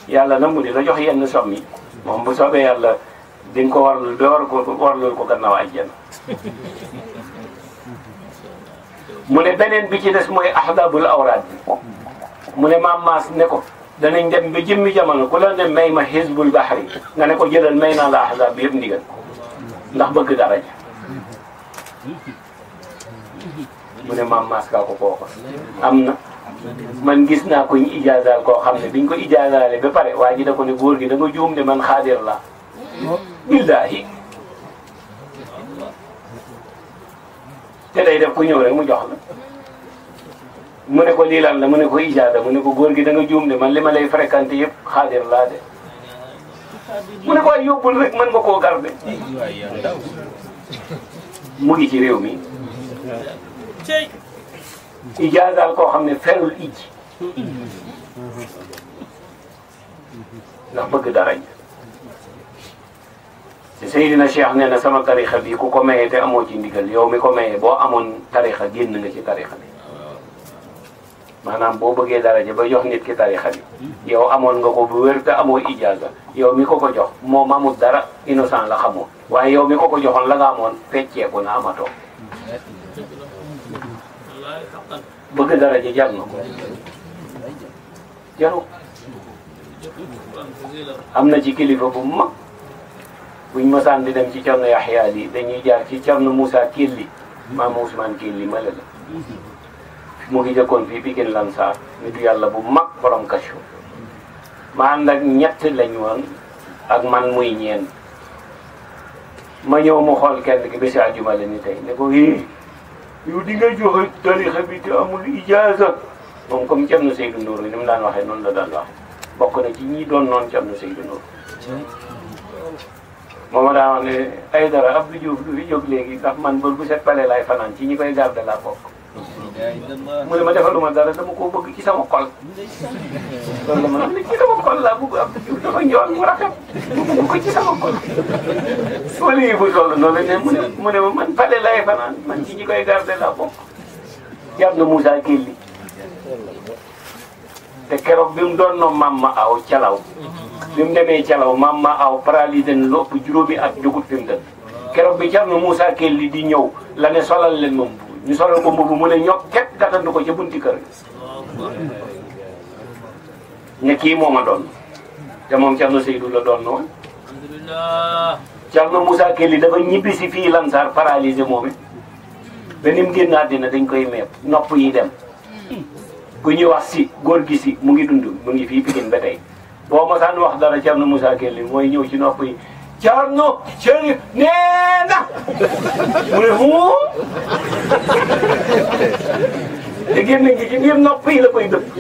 yàlla nangu di la jox yenn somm yi moom bu soobee yàlla di nga ko warlu door ko warlul ko gannaaw àjjana mu ne beneen bi ci des mooy ahdabul awraad mu ne maam maas ne ko danañ dem ba jëmmi jamono ku la ne may ma xisbul baxri nga ne ko jëlal may naa la ahzab bi yëpp ndigal ndax bëgg dara ja mu ne maam maas kaa ko koo am na man gis naa ko ñu ijaazaal koo xam ne biñ ko ijaazaale ba pare waa ji da ko ne góor gi da nga man xaadir la billaahi te day def ku ñëw rek mu jox la mu ne ko lii lan la mu ne ko ijaada mu ne ko góor gi da nga juum de man li ma lay fréquenté yëpp xaadir laa de mu rek mën nga koo garde mu ngi ci réew mi ijaazaal koo xam ne ferul ijji ndax bëgg dara ñu. si Seydina Cheikh nee na sama tarixa bi ku ko mayee te amoo ci ndigal yow mi ko mayee boo amoon tarixa génn nga ci tarixa bi maanaam boo bëggee daraja ba jox nit ki tarixa bi yow amoon nga ko bu wér te amoo ijaaza yow mi ko ko jox moom amul dara innocent la xamoo waaye yow mi ko ko joxoon la nga amoon fecceeku na amatoo. bëgg daraja jar na ko jaru am na ci kilifa bu mag buñ mosaan di dem ci Cerno Yaxya li dañuy jar ci Cerno Moussa Kelli maama Ousmane Kelli ma la mu ngi jëkkoon fii Pikine Lansar nitu yàlla bu mag borom kachu ma ànd ak ñett lañ ak man muy ñeen ma ñëw mu xool kenn ki bési àjjuma ni tey ne ko hii yow di nga joxe tarixa bi te amul ijaaza moom comme Thierno Seydou Ndour mi ni mu daan waxee noonu la daan wax bokk na ci ñi doon noonu Thierno Seydou Ndour moom daa wax ne ay dara Abdou Diouf du fi jóg léegi ndax man bër bu set pale laay fanaan ci ñi koy garde laa bokk mu ne ma defaluma dara dama koo bëgg ci sama xol la ma ne mu ko ci sama xol su ma liggéey bu toll noonu ne mu ne mu ne ma man pale lay fanaan man ci ñi koy garde laa bokk yàgg na Moussa Kelly te keroog bi mu doon noonu maam ma aw calaw bi mu demee calaw maam ma aw paralysé na lu ëpp juróomi at jógut fi mu keroog bi jar na Moussa Kelly di ñëw la ne solal leen moom ñu solal ko mbubu mu ne ñoom képp gàttandu ko ca bunti kër kii moom a doon te moom Thierno Seydou la doon noonu na musaa Kelly dafa ñibbi si fii Lansar paralise moom it ba ni génn àddina dañ koy meeb nopp yi dem ku ñuy wax si góor gi si mu ngi dund mu ngi fii Pikine ba tey boo mosaan wax dara Thierno musaa Kelly mooy ñëw ci nopp yi 결노 결 내나 mu ne wuu te génne gi ci biir nopp la koy dëpp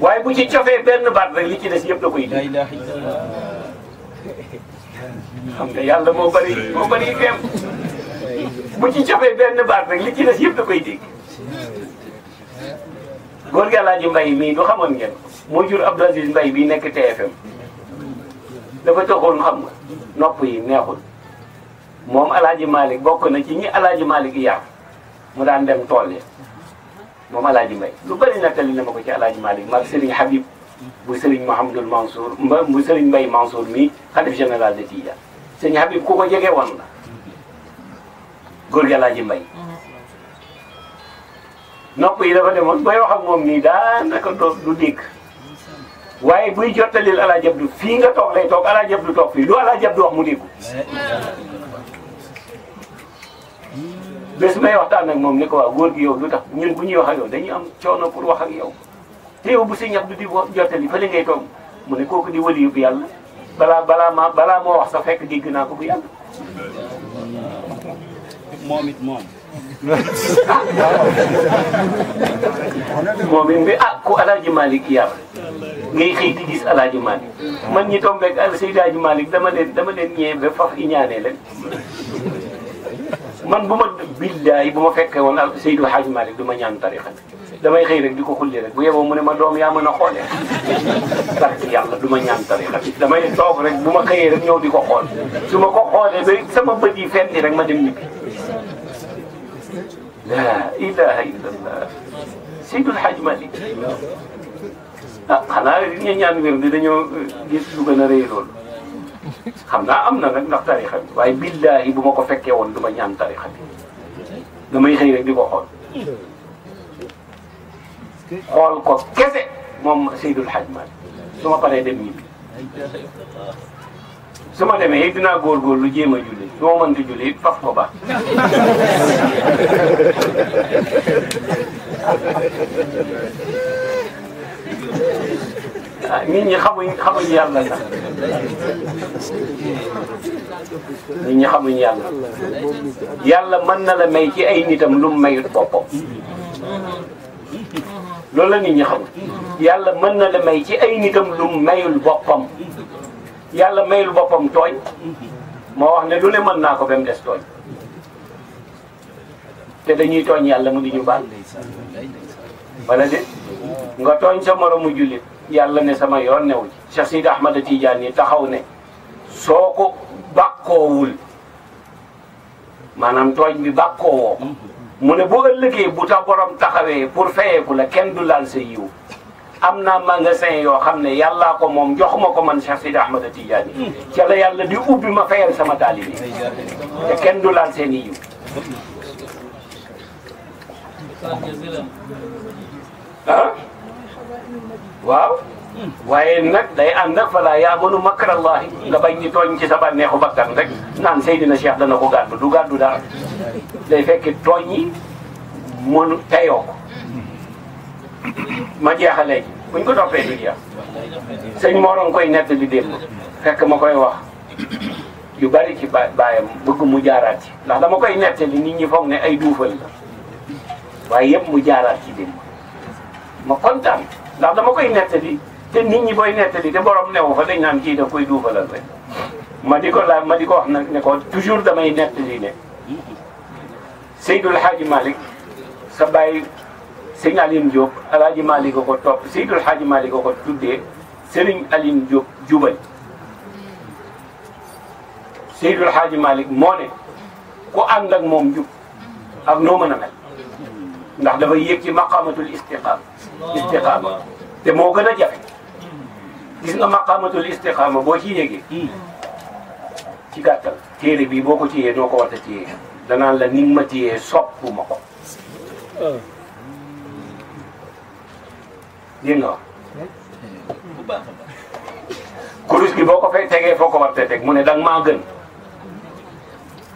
waaye bu ci cofee benn baat rek li ci des yëpp la koy dëpp xam nga yàlla moo bëri moo bëri benn baat rek li ci des yëpp da koy dégg góor gi Mbay mi du xamoon ngeen moo jur Abdou Aziz Mbay bi nekk TFM dafa taxoon xam nga nopp yi neexul moom alaaji Malick bokk na ci ñi alaaji Malick yar mu daan dem tool yi moom alaaji Mbaye lu bëri nettali na ma ko ci alaaji Malick mag Serigne Habib bu Serigne Mouhamadul Mansour mba bu Serigne Mbaye Mansour mii xalif général de Tidjane Habib ku ko jege woon la góor gi alaaji Mbaye nopp yi dafa demoon bay wax ak moom nii daanaka doo du dégg waaye buy jottalil Alaaji Abdu fii nga toog lay toog Alaaji Abdu toog fii lu Alaaji Abdu wax mu dégg bés may waxtaan nag moom ne ko waa góor gi yow lu tax ñun bu ñuy wax ak yow dañuy am coono pour wax ak yow te yow bu sëñ Abdu di jottali fële ngay toog mu ne kook di waliyu bi yàlla balaa balaa balaa moo wax sa fekk dégg naa ko bu yàlla moom moom it ah ku Alaaji Malick yar ngay xëy di gis Alaaji Malick man ñi tombeeg ak ah, Seydi Alaaji dama leen dama leen ñëwee ba faf i ñaanee leen man bu ma billaay bu ma fekkee woon ak ah, Seydi Alaaji Malick du ma ñaan tarixa damay xëy rek di ko xulli rek bu yeboo mu ne ma doom yaa mën a xoolee barki yàlla du ma ñaan tarixa bi damay toog rek bu ma xëyee rek ñëw di ko xool su ma ko xoolee ba sama bët yi fenn rek ma dem ñibbi laa ilaha illallah Seydul Hadj Malick ah xanaa ñi ñaan wér di dañoo gis lu gën a rëy loolu naa am na nag ndax tarixa bi waaye bu ma ko fekkee woon du ma ñaan tarixa bi damay xëy rek ko xool ko kese moom Seydul Hadj Malick su ma paree dem ñibbi su ma demee it dinaa góorgóorlu jéem a julli su ma mënti julli it faf ko baax. Ah, nit ñi xamuñ xamuñ yàlla la nit ñi xamuñ yàlla yàlla mën na la may ci ay nitam lu mu mayut boppam loolu la nit ñi xamul yàlla mën na la may ci ay nitam lu mu mayul boppam yàlla mayul boppam tooñ moo wax ne lu ne mën naa ko ba mu des tooñ te dañuy tooñ yàlla mu di ñu baal wala de nga tooñ sa moromu jullit yàlla ne sama yoon newu ci Cheikh Sidi Ahmada Tidiane yi taxaw ne soo ko bàkkoowul maanaam tooñ bi bàkkoowoo mu ne boo ëllëgee bu tax borom taxawee pour fayeeku la kenn du laal sa yiw am naa magasin yoo xam ne yàllaa ko moom jox ma ko man Cheikh Sidi Ahmada Tidiane hmm. ca la yàlla di ubbi ma fayal sama taalibe te kenn du laal seen yiw ah waaw hmm. waaye nag day ànd ak fala yaamanu makrallahi nga bañ di tooñ ci sa bànneexu bakkan rek naan Seydina Cheikh dana ko gàddu du gàddu dara day fekki tooñ buñ ko toppee du jeex sëñ Moroom koy nettali li démb fekk ma koy wax yu bari ci baayam bëgg mu jaaraat ci ndax dama koy nett li nit ñi foog ne ay duufal la waaye yëpp mu jaaraat ci démb ma kontaan ndax dama koy nett te nit ñi booy nett li te borom newu fa dañ naan kii da koy duufalal rek ma di ko laaj ma di ko wax nag ne ko toujours damay nett li ne Seydul Haaji Malick sa baay sëñ Aline Diop El Hadj Malick a ko topp Seydou El Hadj Malick a ko tuddee Serigne jubal Seydou El Hadj Malick ku ànd ak moom jub ak noo mën a mel ndax dafa yéeg ci maqamatul istiqaama istiqaama te moo gën a jafe gis nga maqamatul istiqaama boo ci yéegee ci gàttal téere bi boo ko téyee noo ko war a téyee danaan la ni ma téyee sopp ma ko lii la bu baax a baax. kurus gi boo ko tegee foo ko war te teg mu ne danga maa gën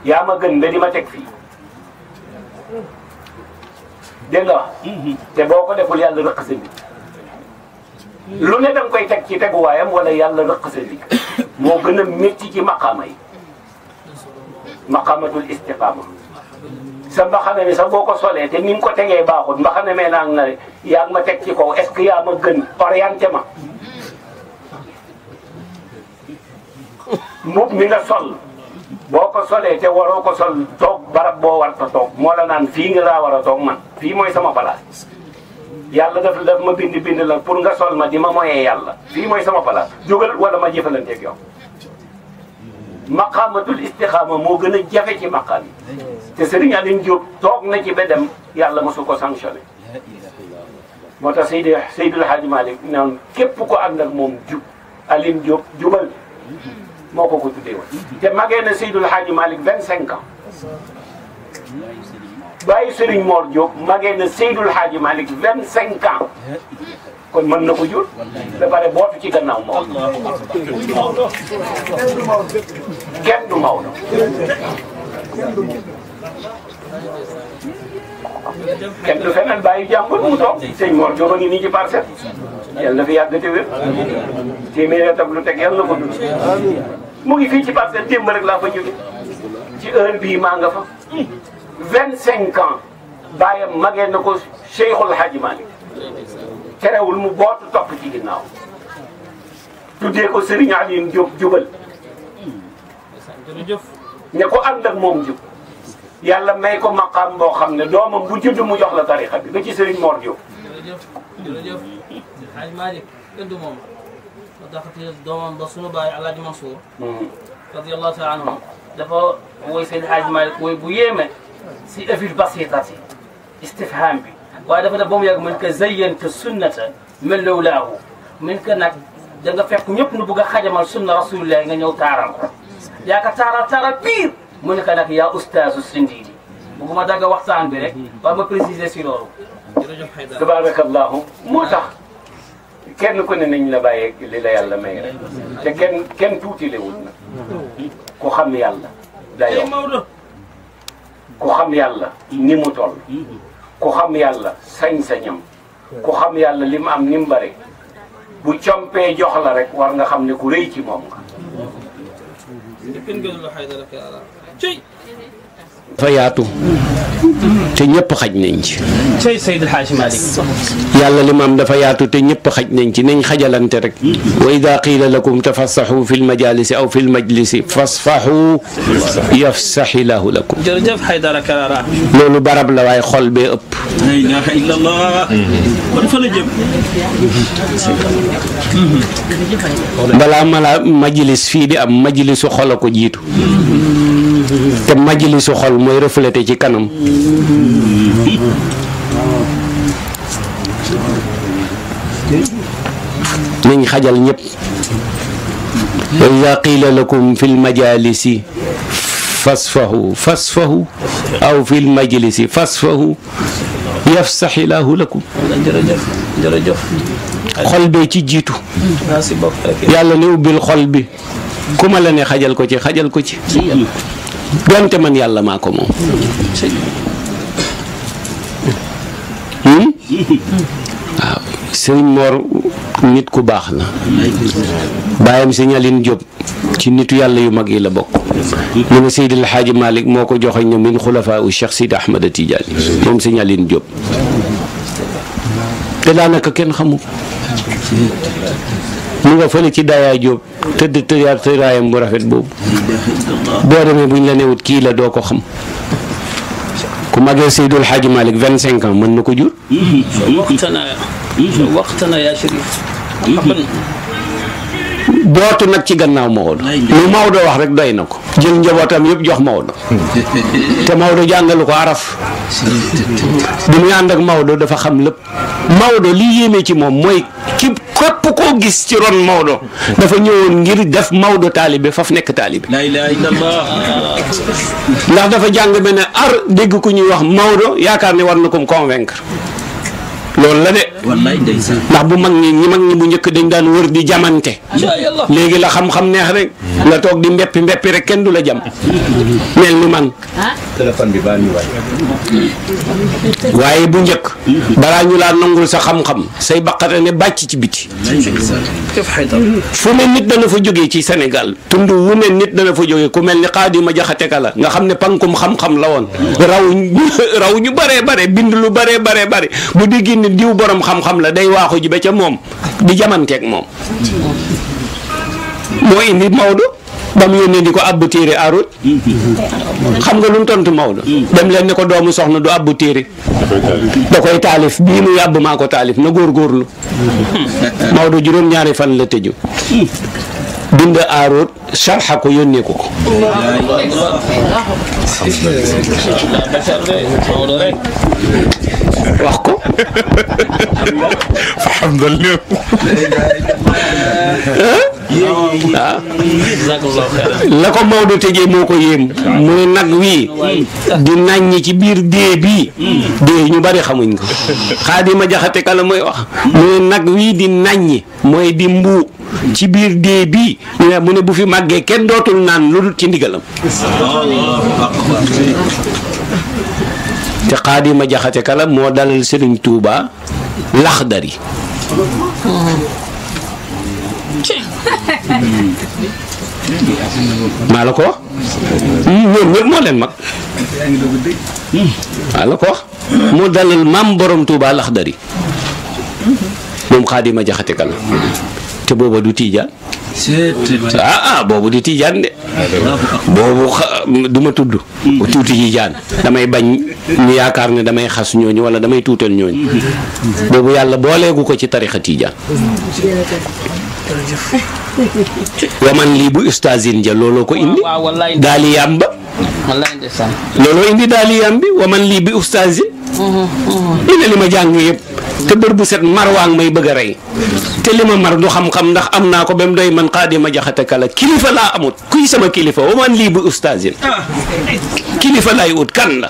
yaa ma gën ba di ma teg fii dégg nga wax. te boo ko deful yàlla rëq sa lu ne danga koy teg ci teguwaayam wala yàlla rëq sa moo gën a métti ci maqaama yi maqaamatul istiqaama sa mbaxana mi sax boo ko solee te ni mu ko tegee baaxul mbaxana mee naa na yaa ngi ma teg ci kaw est-ce que yaa ma gën orienté ma [LAUGHS] mbubb mi nga sol boo ko solee te waroo ko sol toog barab boo war toog moo la naan fii nga laa war a toog man fii mooy sama place yàlla daf daf ma bind bind la pour nga sol ma di ma moyee yàlla fii mooy sama place jógal wala ma jëfalanteeg yow maqaamatul istixaama moo gën a jafe ci maqaam yi te Serigne Alioune Diop toog na ci ba dem yàlla mosu ko sanctionné moo tax Seydi Seydil Hadji Malick naan ko ànd ak moom jub Alioune Diop jubal moo ko ko tuddee woon te magee na Seydil Hadji Malick 25 ans bàyyi Serigne Mor Diop magee na mën na ko jur ba pare bootu ci gannaaw Maodo kenn du Maodo. kenn du feneen bàyyi jàmbur mu toog sëñ Mor Diop a ngi nii ci parcelle yàlla na yàgg te wér téeméer tam lu teg yàlla na ko dund mu ngi fii ci parcelle démb rek laa fa jóge ci heure bii maa nga fa vingt cinq ans bàyyam magee na ko Cheikhul Hadji Malick terewul mu bootu topp ci ginnaaw tuddee ko Serigne Alioune Diop jubal ne ko ànd ak moom jub yàlla may ko maqaam boo xam ne doomam bu judd mu jox la tarixa bi ba ci Serigne Mor Diop. jërëjëf jërëjëf Xaaj Malick ëdd moom ma taxati doomam ba sunu baay Alaaji Mansour hmm. radiyallahu taala anhu dafa woy Seydi Xaaj Malick woy bu yéeme si afil basitati istifham bi waaye dafa def ba mu yàgg mën ko zayyanta sunnata mel law laahu mën ko nag da nga fekk ñëpp nu bëgg a xajamal sunna rasulillah nga ñëw taaral ko yaa ko taaral taaral pire mu ne ko nag yaa ustaasu Sindiidi bugguma dagg waxtaan bi rek ba ma préciser si loolu tabarakallahu moo tax kenn ku ne nañ la bàyyee li yàlla may kenn kenn tuuti lewul na ku xam yàlla dayoo ku xam yàlla ni mu toll ku xam yàlla sañ-sañam ku xam yàlla li mu am ni mu bu compee jox la rek war nga xam ne ku rëy ci moom dafa yaatu te ñëpp xaj nañ ci. Sey Seydil Hadj Malick. yàlla li mu am dafa yaatu te ñëpp xaj nañ ci nañ xajalante rek. wa ida qiila lakum tafassaxu fi lmajalisi aw fi lmajlisi fasfaxu yafsaxi laahu lakum. jërëjëf Haydara Karara. loolu barab la waaye xol bee ëpp. la ilaha illallah. kon fa la jëm. balaa ma la majlis fii di am majlisu xol a ko jiitu. te majlisu xol mooy reflété ci kanam nañ xajal ñëpp wa ida qila lakum fi lmajalisi fasfahu fasfahu aw fi lmajlisi fasfahu yafsahi laahu lakum jërëjëf jërëjëf xol bee ci jiitu yàlla ne ubbil xol bi ku ma la ne xajal ko ci xajal ko ci donte man yàlla maa ko moom hmm? waaw sëriñ nit ku baax la bàyyam sëñ Aline Diop ci nitu yàlla yu mag yi la bokk mu ne Seydil Xaaji Malick moo ko joxoñ ne min xulafaa u Cheikh Sidi Ahmad Tidiane moom sëñ Aline Diop te daanaka kenn xamu mu nga fële ci daayaay jóob tëdd tëddaat tëddaayam bu rafet boobu boo demee buñ la newut kii la doo ko xam ku magee Seydul Xaaji Malik vingt cinq ans mën na ko jur waxtana waxtana yaa shérif bootu nag ci gannaaw Maodo. lu Maodo wax rek doy na ko. jël njabootam yëpp jox Maodo. te Maodo jàngalu ko araf. bi muy ànd ak Maodo dafa xam lépp. Maodo li yéeme ci moom mooy ki képp koo gis ci ron Maodo. dafa ñëwoon ngir def Maodo taalibe faf nekk taalibe. ndax dafa jàng benn ar dégg ko ñuy wax Maodo yaakaar ne war na ko convaincre. loolu la de. wallaay ndeysaan ndax bu mag ñi ñi mag ñi bu njëkk dañ daan wër di jamante. léegi la xam-xam neex na nga toog di mbeppi mbeppi rek kenn du la jam. mel ni man. téléphone bi baa ñu waaye bu njëkk. balaa ñu laa nangul sa xam-xam. say baqate ne bàcc ci biti. fu ne nit dana fa jógee ci senegal tund wu ne nit dana fa jógee ku mel ni xaadima jaxate ka la nga xam ne pankum xam-xam la woon. raw ñu [LAUGHS] bare bare bind lu bare bare bu di génn ne diw borom xam-xam la day waaxu ji ba ca moom di jamanteeg moom moo indi Maodo ba mu yónnee di ko abbu téere arut xam nga lu mu tontu Maodo dem leen ne ko doomu soxna du abbu téere da koy taalif bii muy abbu maa ko taalif na góorgóorlu Maodo juróom-ñaari fan la tëju bind arut sharha ko yónnee ko ko wax ko alhamdulillah la ko Maodo tëjee moo ko yéem mu nag wii di nàññi ci biir dee bii dee ñu bari xamuñ ko xaadima jaxate kala mooy wax mu nag wii di nàññi mooy di mbuu ci biir dee bii ñu ne mu ne bu fi màggee kenn dootul naan lu dul ci ndigalam te xaadima jaxate kala moo dalal Sëriñ Tuuba laxdari maa la ko wax. ñoom hmm, ñëpp moo leen mag. Hmm, maa la ko wax. moo dalal maam borom Touba Laxdari moom xaadima jaxate kan te booba du tiijaan ah ah boobu du tiijaan de boobu du ma tudd tuuti tiijaan damay bañ ñu yaakaar ne damay xas ñooñu wala damay tuutal ñooñu boobu yàlla booleegu ko ci tarixa tiijaan jërëjëf. [LAUGHS] waman lii ja looloo ko indi. waaw looloo indi daal di yàmbi waman li ne li ma jàng yëpp te bër bu set mar waa ngi may bëgg a rey te li ma mar du xam-xam ndax am naa ko ba mu doy man xaadima jaxate kala kilifa laa amut kuy sama kilifa wa man lii bu ustaasin kilifa lay ut kan la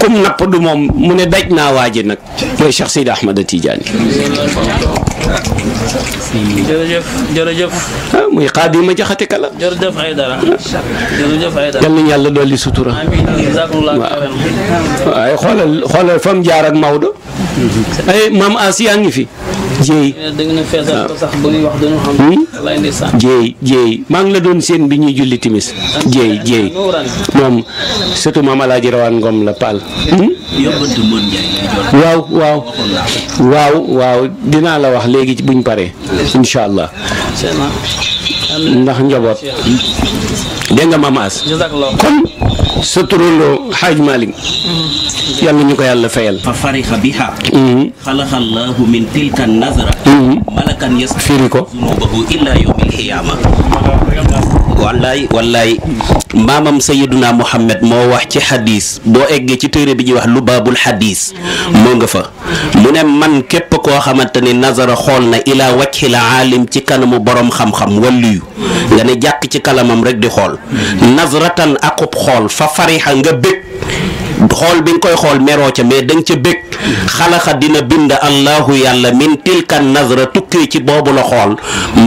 comme napp du moom mu ne daj naa waaji nag mooy Cheikh Seydi Ahmada Tidiane jërëjëf jërëjëf ah, muy xaadima jaxate kala jërëjëf ay dara ah. jërëjëf ay dara yal nañu yàlla dolli sutura waaye xoolal xoolal fa mu jaar ak Maodo. ay eh, maam Asiya ngi fi. jéey hmm? jéey maa ngi la doon seen bi ñuy julli timis jéey jéey moom surtout maam Alaaji Rawaan Ngom la Paal. Hmm? waaw waaw waaw dinaa la wax léegi ci buñ paree incha allah ndax njaboot dégg nga As kon sa turandoo Xaaj Malik hmm. yal na ñu ko yàlla fayal fa farixa biha mhm. xalaxallahu min tilka nazra mhm. malakan yas firi ko zunubahu illa yawmil xiyaama wallaay wallaay maamam sayiduna muhammad moo wax ci xadiis boo eggee ci téere bi ñuy wax lu baabul xadiis moo nga fa mu ne man képp koo xamante ni nazara xool na ilaa wajhi la aalim ci kanamu borom xam-xam walliyu nga ne jàkk ci kalamam rek di xool nazratan akub xool fa farixa nga bëgg xool bi nga koy xool meroo ca mais danga ca bëgg xalaxa dina bind allahu yàlla min tilkan nazra tukkee ci boobu la xool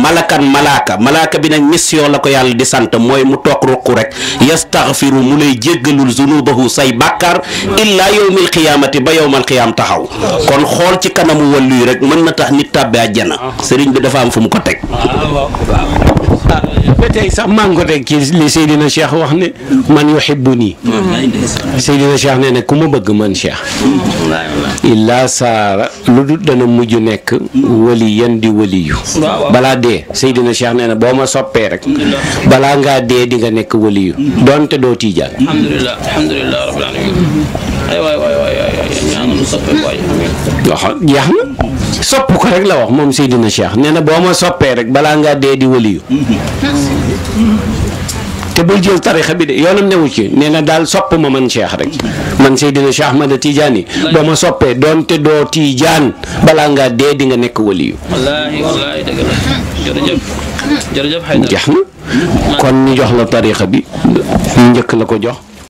malakan malaaka malaaka bi nag mission la ko yàlla di sant mooy mu toog ruq rek yastaxfiru mu lay jéggalul zunubahu say bàkkaar illaa yowmil qiyaamati ba yowmal qiyaam taxaw kon xool ci kanamu wàllu yi rek mën na tax nit tàbbi àjjana ah. sëriñ bi dafa am fu mu ko teg ah, ba sax maa ngi ko teg ci li Seydina Cheikh wax ne man yuhibbuni Seydina Cheikh ne ne ku ma bëgg man Cheikh illaa saara lu dul dana mujj nekk wali yan di waliyu balaa dee Seydina Cheikh ne boo ma soppee rek balaa ngaa dee di nga nekk waliyu donte doo tiijaan alhamdulillah na sopp ko rek la wax moom Seydina Cheikh nee na boo ma soppee rek balaa ngaa dee di waliyu te bul jël tarixa bi de yoonam newu ci nee na daal sopp ma man Cheikh rek man Seydina Cheikh Ahmada yi boo ma soppee doonte doo Tidiane balaa ngaa dee di nga nekk waliyu wallaahi wallaahi kon ñu jox la tarixa bi njëkk la ko jox